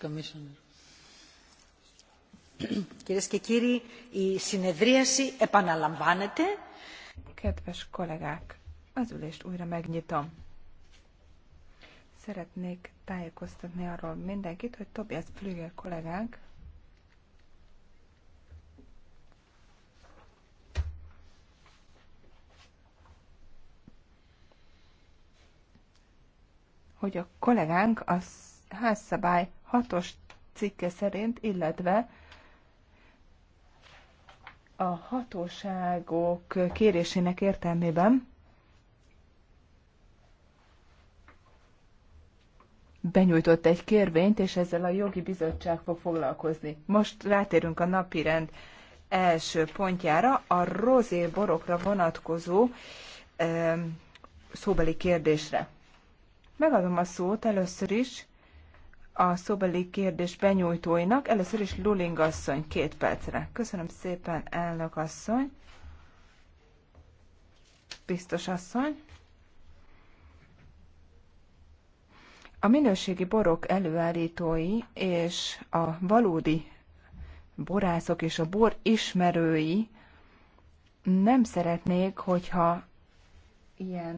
Κυρίες και κύριοι, η συνεδρίαση επαναλαμβάνεται. Kedves kollégák, az ülést újra megnyitom. Szeretnék tájékoztatni arról mindenkit, hogy Tobias Flüger kollégánk hogy a kollégánk az házszabály 6-os cikke szerint, illetve a hatóságok kérésének értelmében benyújtott egy kérvényt, és ezzel a jogi bizottság fog foglalkozni. Most rátérünk a rend első pontjára, a rozé borokra vonatkozó szóbeli kérdésre. Megadom a szót először is a szobeli kérdés benyújtóinak. Először is Luling asszony, két percre. Köszönöm szépen, elnök asszony. Biztos asszony. A minőségi borok előállítói és a valódi borászok és a bor ismerői nem szeretnék, hogyha ilyen